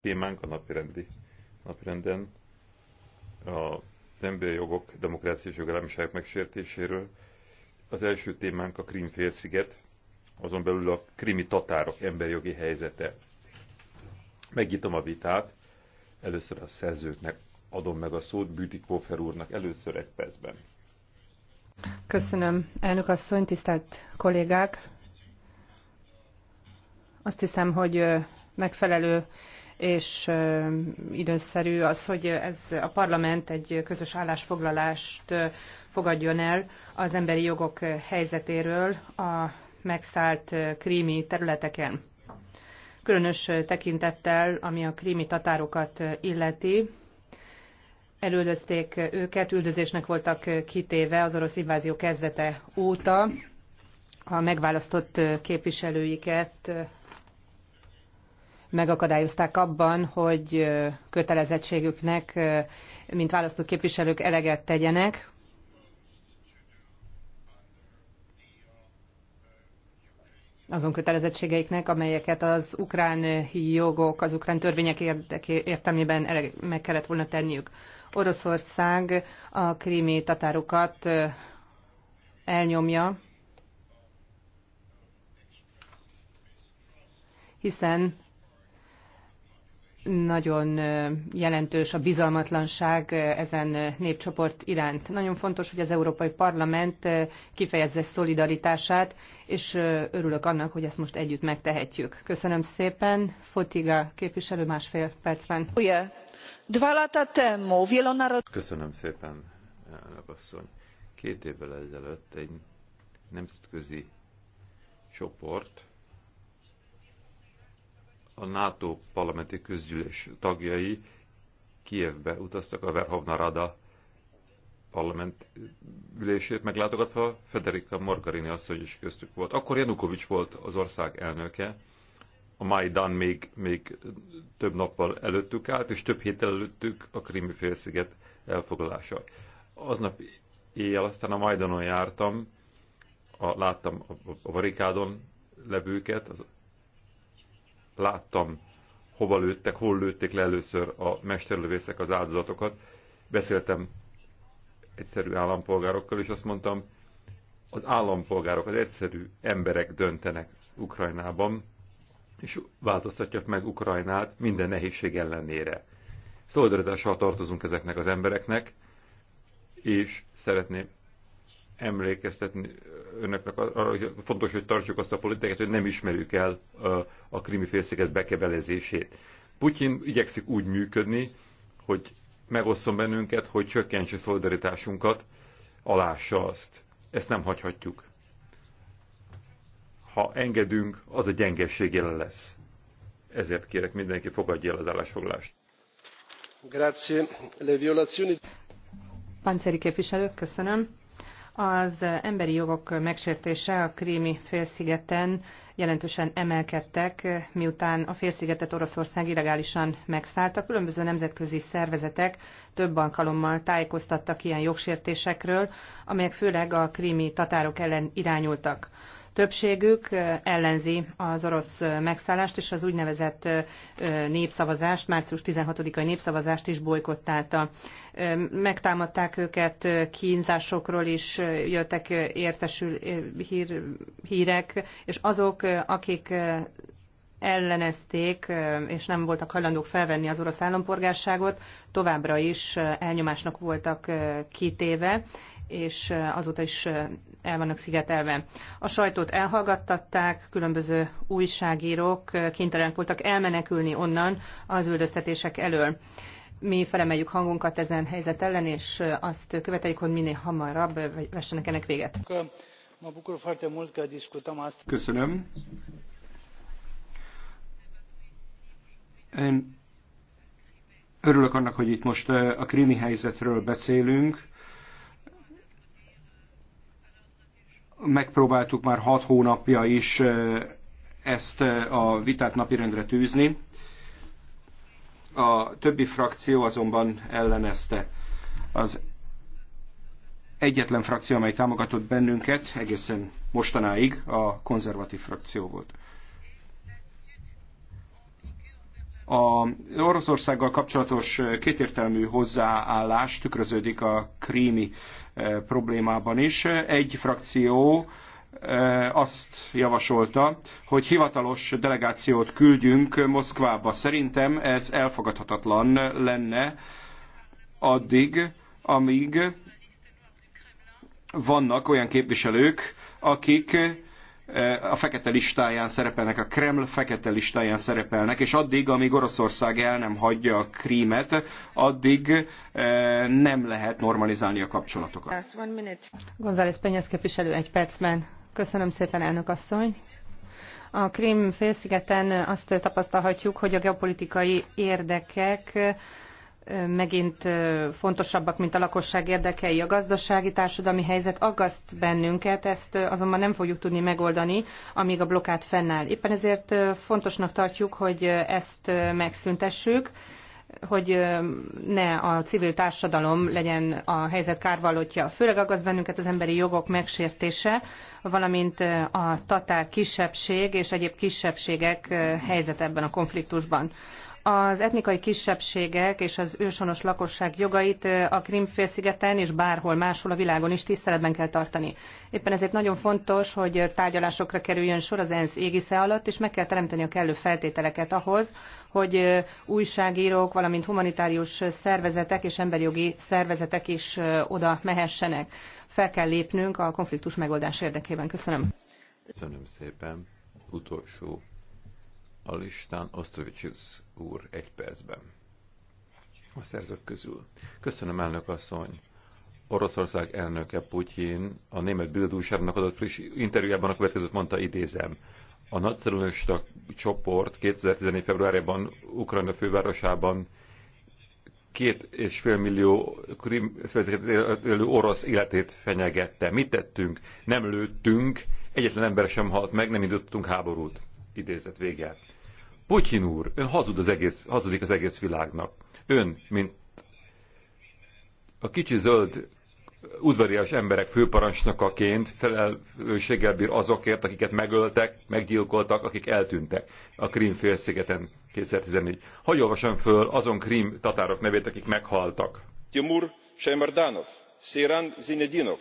témánk a napirendi, napirenden az emberi jogok, demokrácia és jogállamiság megsértéséről. Az első témánk a félsziget, azon belül a krimi tatárok emberi jogi helyzete. Megnyitom a vitát, először a szerzőknek adom meg a szót, Pófer úrnak először egy percben. Köszönöm, elnök asszony, tisztelt kollégák! Azt hiszem, hogy megfelelő és időszerű az, hogy ez a parlament egy közös állásfoglalást fogadjon el az emberi jogok helyzetéről a megszállt krími területeken. Különös tekintettel, ami a krími tatárokat illeti, elüldözték őket, üldözésnek voltak kitéve az orosz invázió kezdete óta, a megválasztott képviselőiket megakadályozták abban, hogy kötelezettségüknek, mint választott képviselők eleget tegyenek. azon kötelezettségeiknek, amelyeket az ukrán jogok, az ukrán törvények értelmében meg kellett volna tenniük. Oroszország a krími tatárokat elnyomja, hiszen nagyon jelentős a bizalmatlanság ezen népcsoport iránt. Nagyon fontos, hogy az Európai Parlament kifejezze szolidaritását, és örülök annak, hogy ezt most együtt megtehetjük. Köszönöm szépen. Fotiga képviselő másfél percben. Köszönöm szépen, elnök asszony. Két évvel ezelőtt egy nemzetközi csoport a NATO parlamenti közgyűlés tagjai Kievbe utaztak a Verhovna Rada parlament ülését meglátogatva, Federica Margarini asszony is köztük volt. Akkor Janukovics volt az ország elnöke, a Majdan még, még több nappal előttük állt, és több héttel előttük a Krími félsziget elfoglalása. Aznap éjjel aztán a Majdanon jártam, a, láttam a, a barikádon levőket, az láttam, hova lőttek, hol lőtték le először a mesterlövészek az áldozatokat. Beszéltem egyszerű állampolgárokkal, és azt mondtam, az állampolgárok, az egyszerű emberek döntenek Ukrajnában, és változtatják meg Ukrajnát minden nehézség ellenére. Szolidaritással tartozunk ezeknek az embereknek, és szeretném emlékeztetni önöknek arra, hogy fontos, hogy tartsuk azt a politikát, hogy nem ismerjük el a krimi félsziget bekebelezését. Putyin igyekszik úgy működni, hogy megosszon bennünket, hogy csökkentse szolidaritásunkat, alássa azt. Ezt nem hagyhatjuk. Ha engedünk, az a gyengesség jelen lesz. Ezért kérek mindenki fogadja el az állásfoglalást. Grazie. Le violazioni... Panceri képviselők, köszönöm az emberi jogok megsértése a krími félszigeten jelentősen emelkedtek, miután a félszigetet Oroszország illegálisan megszállta. Különböző nemzetközi szervezetek több alkalommal tájékoztattak ilyen jogsértésekről, amelyek főleg a krími tatárok ellen irányultak. Többségük ellenzi az orosz megszállást, és az úgynevezett népszavazást, március 16-ai népszavazást is bolykottálta. Megtámadták őket, kínzásokról is jöttek értesül hír, hírek, és azok, akik ellenezték, és nem voltak hajlandók felvenni az orosz állampolgárságot, továbbra is elnyomásnak voltak kitéve, és azóta is el vannak szigetelve. A sajtót elhallgattatták, különböző újságírók kénytelenek voltak elmenekülni onnan az üldöztetések elől. Mi felemeljük hangunkat ezen helyzet ellen, és azt követeljük, hogy minél hamarabb vessenek ennek véget. Köszönöm. Én örülök annak, hogy itt most a krími helyzetről beszélünk megpróbáltuk már hat hónapja is ezt a vitát napirendre tűzni. A többi frakció azonban ellenezte. Az egyetlen frakció, amely támogatott bennünket egészen mostanáig a konzervatív frakció volt. A Oroszországgal kapcsolatos kétértelmű hozzáállás tükröződik a krími e, problémában is. Egy frakció e, azt javasolta, hogy hivatalos delegációt küldjünk Moszkvába. Szerintem ez elfogadhatatlan lenne addig, amíg vannak olyan képviselők, akik a fekete listáján szerepelnek, a Kreml fekete listáján szerepelnek, és addig, amíg Oroszország el nem hagyja a krímet, addig eh, nem lehet normalizálni a kapcsolatokat. González Penyesz képviselő egy percben. Köszönöm szépen, elnök asszony. A Krím félszigeten azt tapasztalhatjuk, hogy a geopolitikai érdekek megint fontosabbak, mint a lakosság érdekei. A gazdasági társadalmi helyzet aggaszt bennünket, ezt azonban nem fogjuk tudni megoldani, amíg a blokkát fennáll. Éppen ezért fontosnak tartjuk, hogy ezt megszüntessük, hogy ne a civil társadalom legyen a helyzet kárvalótja. Főleg aggaszt bennünket az emberi jogok megsértése, valamint a tatár kisebbség és egyéb kisebbségek helyzet ebben a konfliktusban az etnikai kisebbségek és az őshonos lakosság jogait a Krimfélszigeten és bárhol máshol a világon is tiszteletben kell tartani. Éppen ezért nagyon fontos, hogy tárgyalásokra kerüljön sor az ENSZ égisze alatt, és meg kell teremteni a kellő feltételeket ahhoz, hogy újságírók, valamint humanitárius szervezetek és emberjogi szervezetek is oda mehessenek. Fel kell lépnünk a konfliktus megoldás érdekében. Köszönöm. Köszönöm szépen. Utolsó a listán Osztovicsius úr egy percben. A szerzők közül. Köszönöm, elnök asszony. Oroszország elnöke Putyin a német Bild adott friss interjújában a következőt mondta, idézem. A nagyszerűnösta csoport 2014. februárjában Ukrajna fővárosában két és fél millió élő orosz életét fenyegette. Mit tettünk? Nem lőttünk, egyetlen ember sem halt meg, nem indítottunk háborút. Idézet vége. Putyin úr, ön hazud az egész, hazudik az egész világnak. Ön, mint a kicsi zöld udvarias emberek főparancsnokaként felelősséggel bír azokért, akiket megöltek, meggyilkoltak, akik eltűntek a Krím félszigeten 2014. Hogy olvasom föl azon Krím tatárok nevét, akik meghaltak? Timur Shemerdanov, Siran Zinedinov,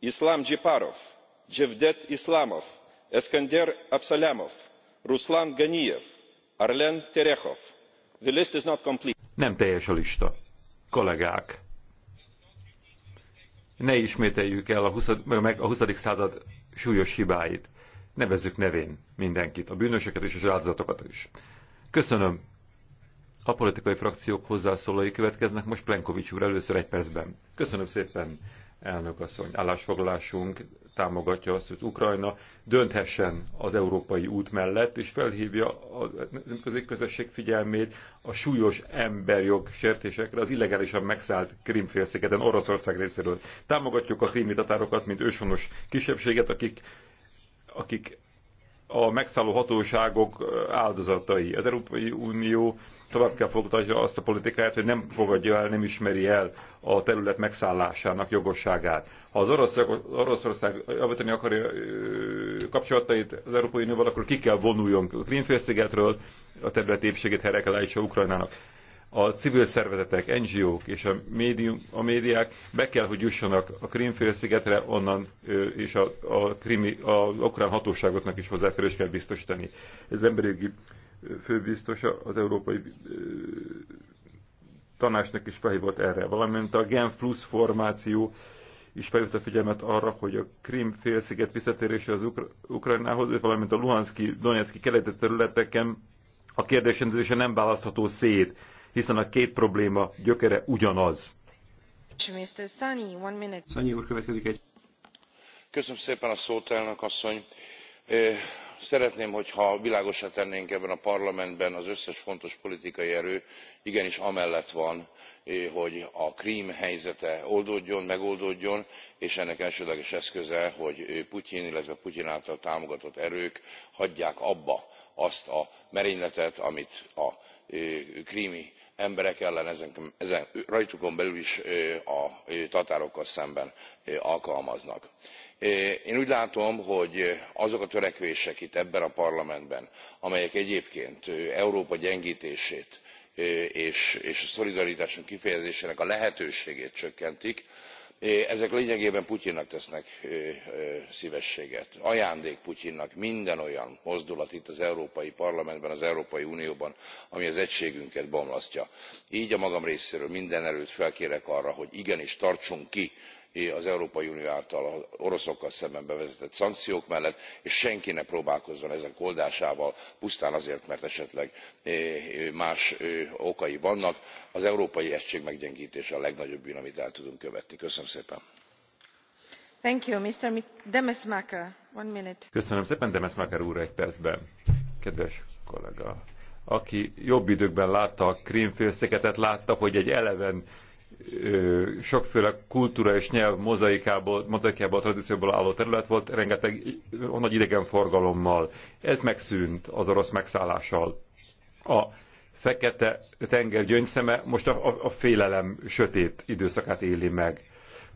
Islam Dzsiparov, Dzsevdet Islamov, Eskender Absalamov, Ruslan Ganiev, Arlen Terechov. The list is not complete. Nem teljes a lista. Kollégák, ne ismételjük el a 20, meg a 20. század súlyos hibáit. Nevezzük nevén mindenkit, a bűnösöket és az áldozatokat is. Köszönöm. A politikai frakciók hozzászólói következnek, most Plenkovics úr először egy percben. Köszönöm szépen elnökasszony. Állásfoglalásunk támogatja azt, hogy Ukrajna dönthessen az európai út mellett, és felhívja a nemzetközi közösség figyelmét a súlyos emberjog sértésekre az illegálisan megszállt Krimfélszigeten Oroszország részéről. Támogatjuk a krimi tatárokat, mint őshonos kisebbséget, akik, akik a megszálló hatóságok áldozatai. Az Európai Unió tovább kell fogadja azt a politikáját, hogy nem fogadja el, nem ismeri el a terület megszállásának jogosságát. Ha az Oroszország, Oroszország javítani akarja kapcsolatait az Európai Unióval, akkor ki kell vonuljon a Krímfélszigetről, a terület épségét helyre kell állítsa Ukrajnának. A civil szervezetek, NGO-k és a, médium, a médiák be kell, hogy jussanak a Krímfélszigetre, onnan és a, a, krimi, a ukrán hatóságoknak is hozzáférés kell biztosítani. Ez emberi főbiztos az Európai Tanácsnak is felhívott erre, valamint a Gen Plus formáció is felhívta a figyelmet arra, hogy a Krim félsziget visszatérése az Ukra Ukrajnához, valamint a Luhanszki, Donetszki keleti területeken a kérdésrendezése nem választható szét, hiszen a két probléma gyökere ugyanaz. Szanyi úr, következik egy. Köszönöm szépen a szót, elnök asszony szeretném hogyha világossá tennénk ebben a parlamentben az összes fontos politikai erő igenis amellett van eh, hogy a krm helyzete oldódjon megoldódjon és ennek elsődleges eszköze hogy eh, putyin illetve putyin által támogatott erők hagyják abba azt a merényletet amit a eh, krmi emberek ellen rajtukon belül is a tatárokkal szemben alkalmaznak. Eh, én úgy látom hogy azok a törekvések itt ebben a parlamentben amelyek egyébként eh, európa gyengtését eh, és a szolidaritásunk kifejezésének a lehetőségét csökkentik ezek lényegében putyinnak tesznek szvességet. ajándék putyinnak minden olyan mozdulat itt az európai parlamentben az európai unióban ami az egységünket bomlasztja. gy a magam részéről minden erőt felkérek arra hogy igenis tartsunk ki az európai unió által az oroszokkal szemben bevezetett szankciók mellett és senki ne próbálkozzon ezek oldásával pusztán azért mert esetleg más okai vannak. az európai egység meggyengtése a legnagyobb bűn amit el tudunk követni. köszönöm szépen! Köszönöm szépen, Demesmaeker úr egy percben. Kedves kollega, aki jobb időkben látta a félszigetet látta, hogy egy eleven sokféle kultúra és nyelv mozaikából, mozaikából, tradícióból álló terület volt, rengeteg nagy forgalommal. Ez megszűnt az orosz megszállással. A fekete tenger gyöngyszeme most a, a, a félelem sötét időszakát éli meg.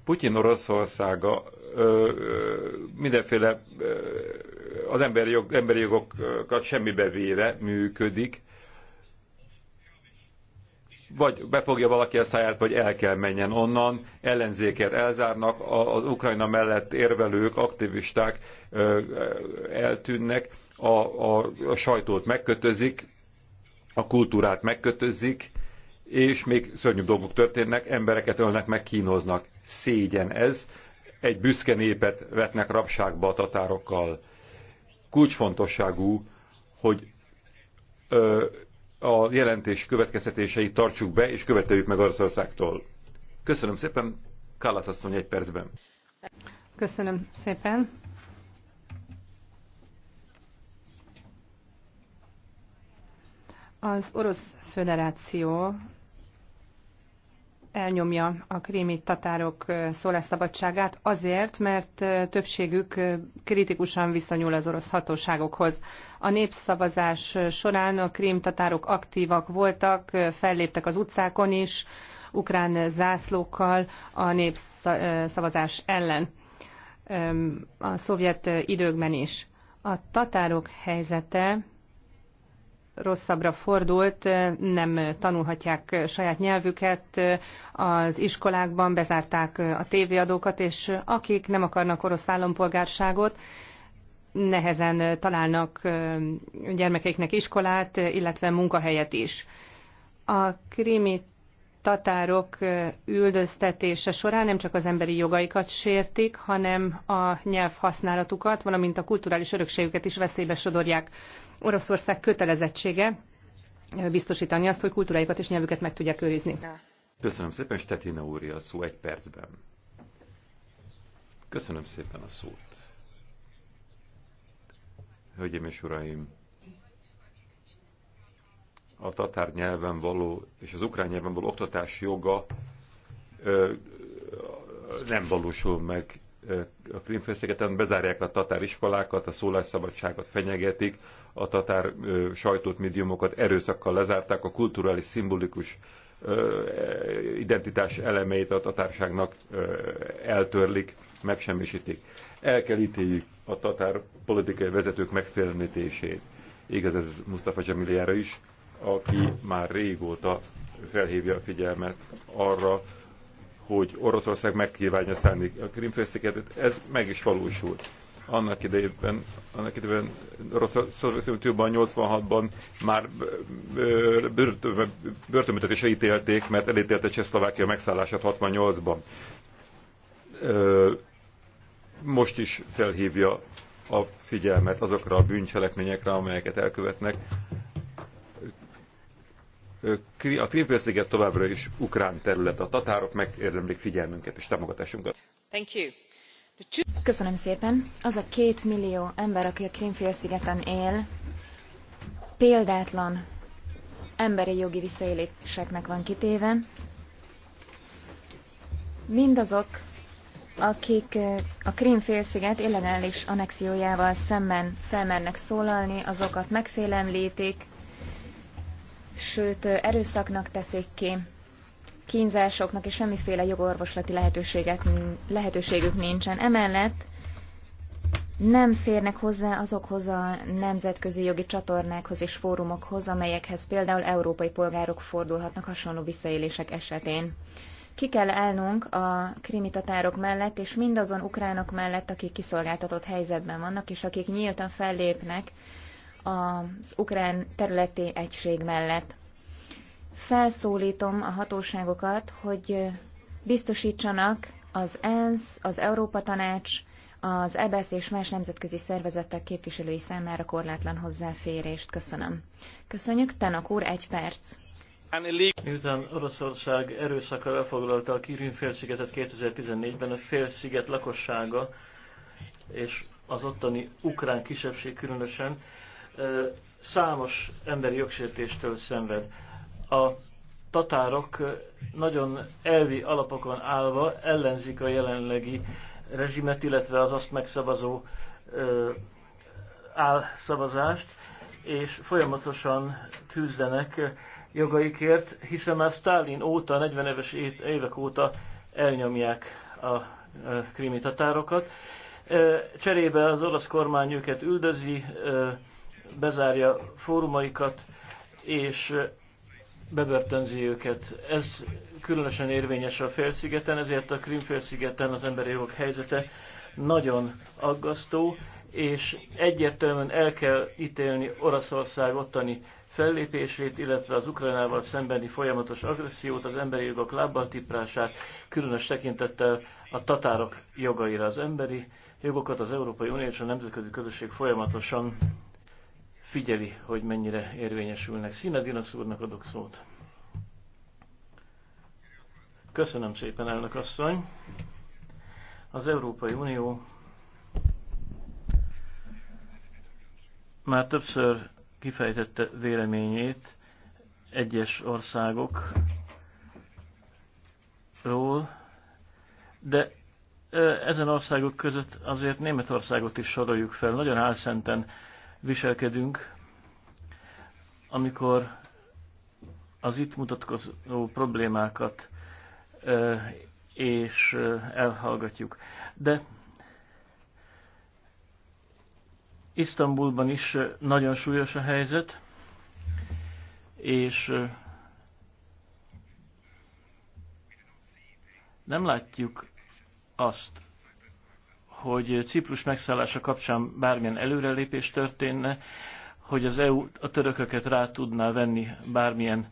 Putyin Oroszországa ö, ö, mindenféle ö, az emberi, jog, emberi jogokat semmibe véve működik, vagy befogja valaki a száját, vagy el kell menjen onnan, ellenzéket elzárnak, az Ukrajna mellett érvelők, aktivisták eltűnnek, a, a, a sajtót megkötözik, a kultúrát megkötözik, és még szörnyűbb dolgok történnek, embereket ölnek meg, kínoznak. Szégyen ez. Egy büszke népet vetnek rabságba a tatárokkal. Kulcsfontosságú, hogy ö, a jelentés következtetéseit tartsuk be, és követeljük meg Oroszországtól. Köszönöm szépen, Kallász asszony egy percben. Köszönöm szépen. Az Orosz Föderáció elnyomja a krími tatárok szólásszabadságát azért, mert többségük kritikusan viszonyul az orosz hatóságokhoz. A népszavazás során a krím tatárok aktívak voltak, felléptek az utcákon is, ukrán zászlókkal a népszavazás ellen a szovjet időkben is. A tatárok helyzete rosszabbra fordult, nem tanulhatják saját nyelvüket, az iskolákban bezárták a tévéadókat, és akik nem akarnak orosz állampolgárságot, nehezen találnak gyermekeiknek iskolát, illetve munkahelyet is. A krimit tatárok üldöztetése során nem csak az emberi jogaikat sértik, hanem a nyelv használatukat, valamint a kulturális örökségüket is veszélybe sodorják. Oroszország kötelezettsége biztosítani azt, hogy kultúráikat és nyelvüket meg tudják őrizni. Köszönöm szépen, Stetina úri a szó egy percben. Köszönöm szépen a szót. Hölgyeim és uraim! a tatár nyelven való és az ukrán nyelven való oktatás joga ö, nem valósul meg a Krimfélszigeten, bezárják a tatár iskolákat, a szólásszabadságot fenyegetik, a tatár ö, sajtót, médiumokat erőszakkal lezárták, a kulturális, szimbolikus ö, e, identitás elemeit a tatárságnak ö, eltörlik, megsemmisítik. El kell ítéljük a tatár politikai vezetők megfélemlítését. Igaz ez Mustafa Zsemiliára is, aki már régóta felhívja a figyelmet arra, hogy Oroszország megkívánja szállni a krimfélszigetet. Ez meg is valósult. Annak idejében, annak idejében Oroszországban 86-ban már börtönbüntetésre ítélték, mert elítélte Csehszlovákia megszállását 68-ban. Most is felhívja a figyelmet azokra a bűncselekményekre, amelyeket elkövetnek a Krímfélsziget továbbra is ukrán terület. A tatárok megérdemlik figyelmünket és támogatásunkat. Thank you. Köszönöm szépen. Az a két millió ember, aki a Krímfélszigeten él, példátlan emberi jogi visszaéléseknek van kitéve. Mindazok, akik a Krímfélsziget illegális anexiójával szemben felmernek szólalni, azokat megfélemlítik, sőt erőszaknak teszik ki, kínzásoknak és semmiféle jogorvoslati lehetőséget, lehetőségük nincsen. Emellett nem férnek hozzá azokhoz a nemzetközi jogi csatornákhoz és fórumokhoz, amelyekhez például európai polgárok fordulhatnak hasonló visszaélések esetén. Ki kell állnunk a krimitatárok mellett, és mindazon ukránok mellett, akik kiszolgáltatott helyzetben vannak, és akik nyíltan fellépnek az ukrán területi egység mellett. Felszólítom a hatóságokat, hogy biztosítsanak az ENSZ, az Európa Tanács, az EBSZ e és más nemzetközi szervezetek képviselői számára korlátlan hozzáférést. Köszönöm. Köszönjük, Tanak úr, egy perc. Miután Oroszország erőszakkal elfoglalta a kirin félszigetet 2014-ben, a félsziget lakossága és az ottani ukrán kisebbség különösen számos emberi jogsértéstől szenved. A tatárok nagyon elvi alapokon állva ellenzik a jelenlegi rezsimet, illetve az azt megszavazó álszavazást, és folyamatosan küzdenek jogaikért, hiszen már Stalin óta, 40 éves évek óta elnyomják a krimi tatárokat. Cserébe az orosz kormány őket üldözi, bezárja fórumaikat, és bebörtönzi őket. Ez különösen érvényes a félszigeten, ezért a Krimfélszigeten az emberi jogok helyzete nagyon aggasztó, és egyértelműen el kell ítélni Oroszország ottani fellépését, illetve az Ukrajnával szembeni folyamatos agressziót, az emberi jogok lábbaltiprását, különös tekintettel a tatárok jogaira. Az emberi jogokat az Európai Unió és a nemzetközi közösség folyamatosan figyeli, hogy mennyire érvényesülnek. Színe Dinasz úrnak adok szót. Köszönöm szépen, elnök asszony. Az Európai Unió már többször kifejtette véleményét egyes országokról, de ezen országok között azért Németországot is soroljuk fel. Nagyon álszenten viselkedünk, amikor az itt mutatkozó problémákat és elhallgatjuk. De Isztambulban is nagyon súlyos a helyzet, és nem látjuk azt, hogy Ciprus megszállása kapcsán bármilyen előrelépés történne, hogy az EU a törököket rá tudná venni bármilyen,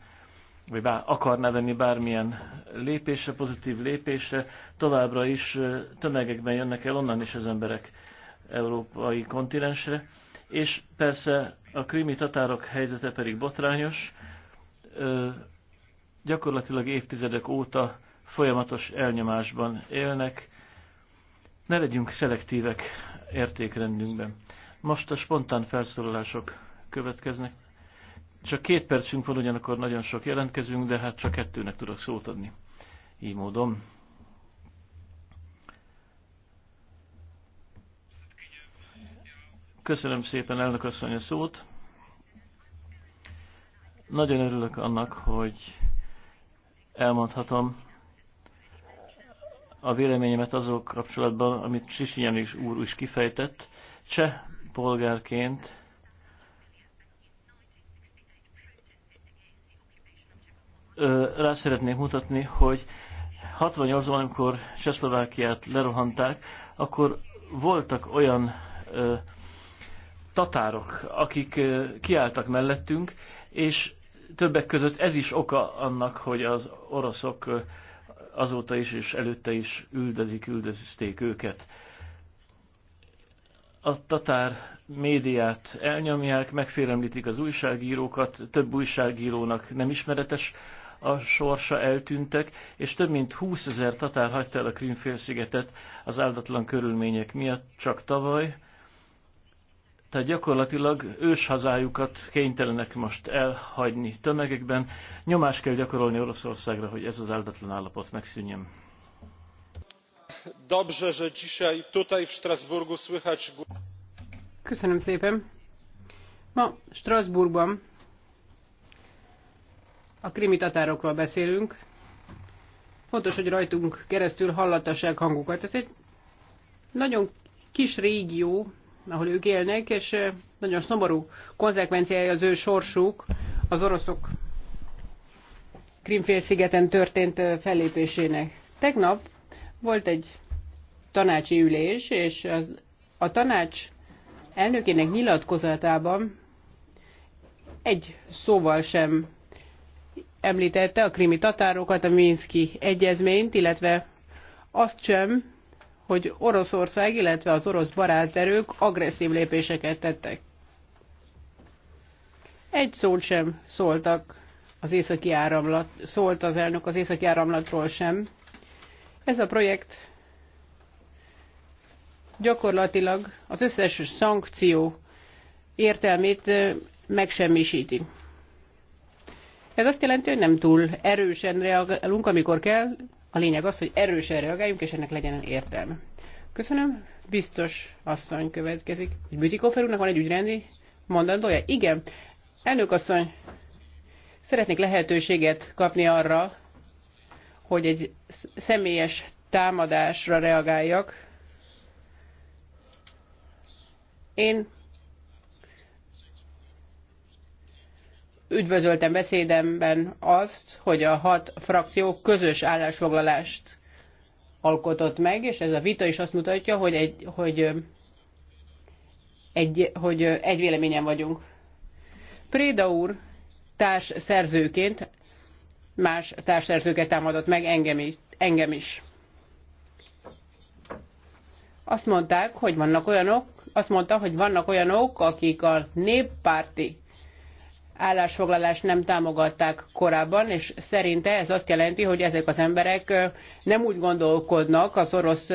vagy bár, akarná venni bármilyen lépésre, pozitív lépésre, továbbra is tömegekben jönnek el onnan is az emberek európai kontinensre, és persze a krimi tatárok helyzete pedig botrányos, gyakorlatilag évtizedek óta folyamatos elnyomásban élnek, ne legyünk szelektívek értékrendünkben. Most a spontán felszólalások következnek. Csak két percünk van, ugyanakkor nagyon sok jelentkezünk, de hát csak kettőnek tudok szót adni. Így módon. Köszönöm szépen elnök asszony a szót. Nagyon örülök annak, hogy elmondhatom, a véleményemet azok kapcsolatban, amit Sisinyen is úr is kifejtett. Cseh polgárként rá szeretnék mutatni, hogy 68-ban, amikor Csehszlovákiát lerohanták, akkor voltak olyan ö, tatárok, akik ö, kiálltak mellettünk, és többek között ez is oka annak, hogy az oroszok ö, azóta is és előtte is üldözik, üldözték őket. A tatár médiát elnyomják, megfélemlítik az újságírókat, több újságírónak nem ismeretes a sorsa eltűntek, és több mint 20 ezer tatár hagyta el a Krímfélszigetet az áldatlan körülmények miatt csak tavaly. Tehát gyakorlatilag őshazájukat kénytelenek most elhagyni tömegekben. Nyomás kell gyakorolni Oroszországra, hogy ez az áldatlan állapot megszűnjön. Dobrze, że dzisiaj tutaj w Strasburgu słychać... Köszönöm szépen. Ma Strasbourgban a krimi tatárokról beszélünk. Fontos, hogy rajtunk keresztül hallatassák hangukat. Ez egy nagyon kis régió, ahol ők élnek, és nagyon szomorú konzekvenciája az ő sorsuk az oroszok Krimfélszigeten történt fellépésének. Tegnap volt egy tanácsi ülés, és az, a tanács elnökének nyilatkozatában egy szóval sem említette a krimi tatárokat, a Minszki egyezményt, illetve azt sem, hogy Oroszország, illetve az orosz erők agresszív lépéseket tettek. Egy szót sem szóltak az északi áramlat, szólt az elnök az északi áramlatról sem. Ez a projekt gyakorlatilag az összes szankció értelmét megsemmisíti. Ez azt jelenti, hogy nem túl erősen reagálunk, amikor kell, a lényeg az, hogy erősen reagáljunk, és ennek legyen értelme. Köszönöm. Biztos asszony következik. Egy Bütikofer van egy ügyrendi mondandója? Igen. Elnök asszony, szeretnék lehetőséget kapni arra, hogy egy személyes támadásra reagáljak. Én üdvözöltem beszédemben azt, hogy a hat frakció közös állásfoglalást alkotott meg, és ez a vita is azt mutatja, hogy egy, hogy egy, hogy egy véleményen vagyunk. Préda úr társ szerzőként más társszerzőket támadott meg engem is. Engem is. Azt mondták, hogy vannak olyanok, azt mondta, hogy vannak olyanok, akik a néppárti állásfoglalást nem támogatták korábban, és szerinte ez azt jelenti, hogy ezek az emberek nem úgy gondolkodnak az orosz,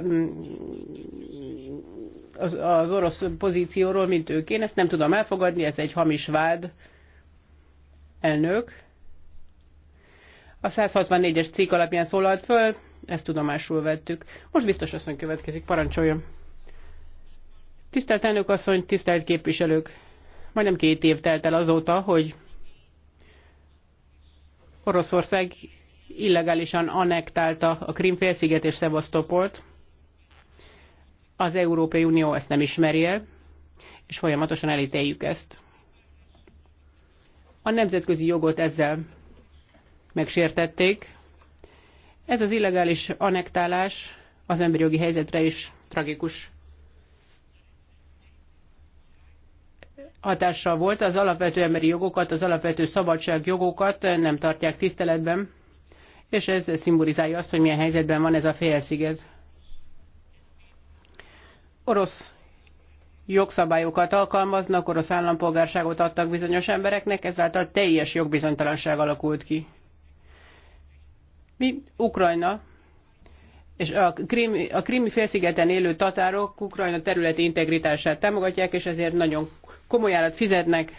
mm, az, orosz pozícióról, mint ők. Én ezt nem tudom elfogadni, ez egy hamis vád. Elnök. A 164-es cikk alapján szólalt föl, ezt tudomásul vettük. Most biztos asszony következik, parancsoljon. Tisztelt elnök asszony, tisztelt képviselők! Majdnem két év telt el azóta, hogy Oroszország illegálisan annektálta a Krimfélsziget és Szevasztopolt. Az Európai Unió ezt nem ismeri el, és folyamatosan elítéljük ezt. A nemzetközi jogot ezzel megsértették. Ez az illegális annektálás az emberi jogi helyzetre is tragikus hatással volt, az alapvető emberi jogokat, az alapvető szabadságjogokat nem tartják tiszteletben, és ez szimbolizálja azt, hogy milyen helyzetben van ez a félsziget. Orosz jogszabályokat alkalmaznak, orosz állampolgárságot adtak bizonyos embereknek, ezáltal teljes jogbizonytalanság alakult ki. Mi, Ukrajna, és a, krimi, a krimi félszigeten élő tatárok Ukrajna területi integritását támogatják, és ezért nagyon komoly árat fizetnek.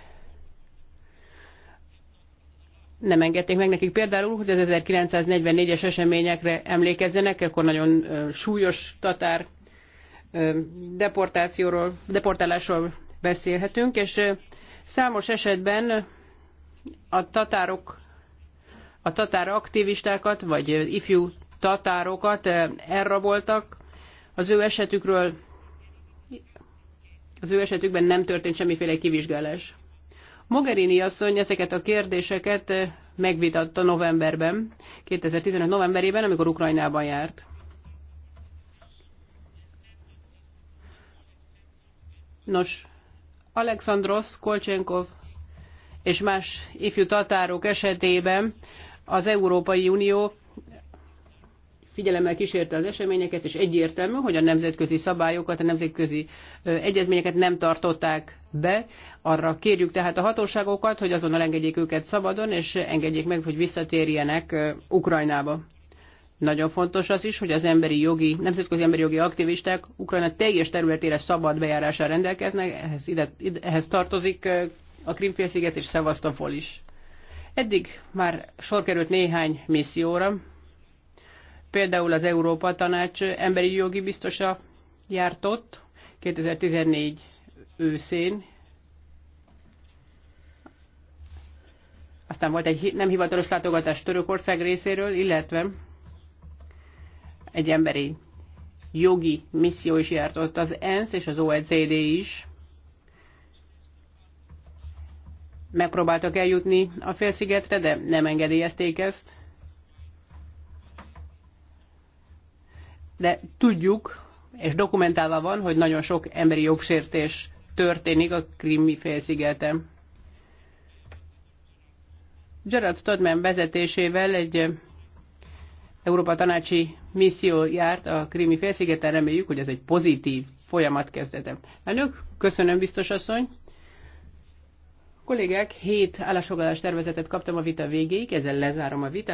Nem engedték meg nekik például, hogy az 1944-es eseményekre emlékezzenek, akkor nagyon súlyos tatár deportációról, deportálásról beszélhetünk, és számos esetben a tatárok, a tatár aktivistákat, vagy ifjú tatárokat elraboltak. Az ő esetükről az ő esetükben nem történt semmiféle kivizsgálás. Mogherini asszony ezeket a kérdéseket megvitatta novemberben, 2015 novemberében, amikor Ukrajnában járt. Nos, Alexandros Kolcsenkov és más ifjú tatárok esetében az Európai Unió figyelemmel kísérte az eseményeket, és egyértelmű, hogy a nemzetközi szabályokat, a nemzetközi egyezményeket nem tartották be. Arra kérjük tehát a hatóságokat, hogy azonnal engedjék őket szabadon, és engedjék meg, hogy visszatérjenek Ukrajnába. Nagyon fontos az is, hogy az emberi jogi, nemzetközi emberi jogi aktivisták Ukrajna teljes területére szabad bejárással rendelkeznek, ehhez, ide, ide, ehhez tartozik a Krimfélsziget és Szevasztopol is. Eddig már sor került néhány misszióra, Például az Európa Tanács emberi jogi biztosa járt ott 2014 őszén. Aztán volt egy nem hivatalos látogatás Törökország részéről, illetve egy emberi jogi misszió is járt ott az ENSZ és az OECD is. Megpróbáltak eljutni a félszigetre, de nem engedélyezték ezt. de tudjuk, és dokumentálva van, hogy nagyon sok emberi jogsértés történik a krimi félszigeten. Gerard Stodman vezetésével egy Európa tanácsi misszió járt a krimi félszigeten, reméljük, hogy ez egy pozitív folyamat kezdete. Elnök, köszönöm biztos asszony. Kollégák, hét állásfoglalás tervezetet kaptam a vita végéig, ezzel lezárom a vitát.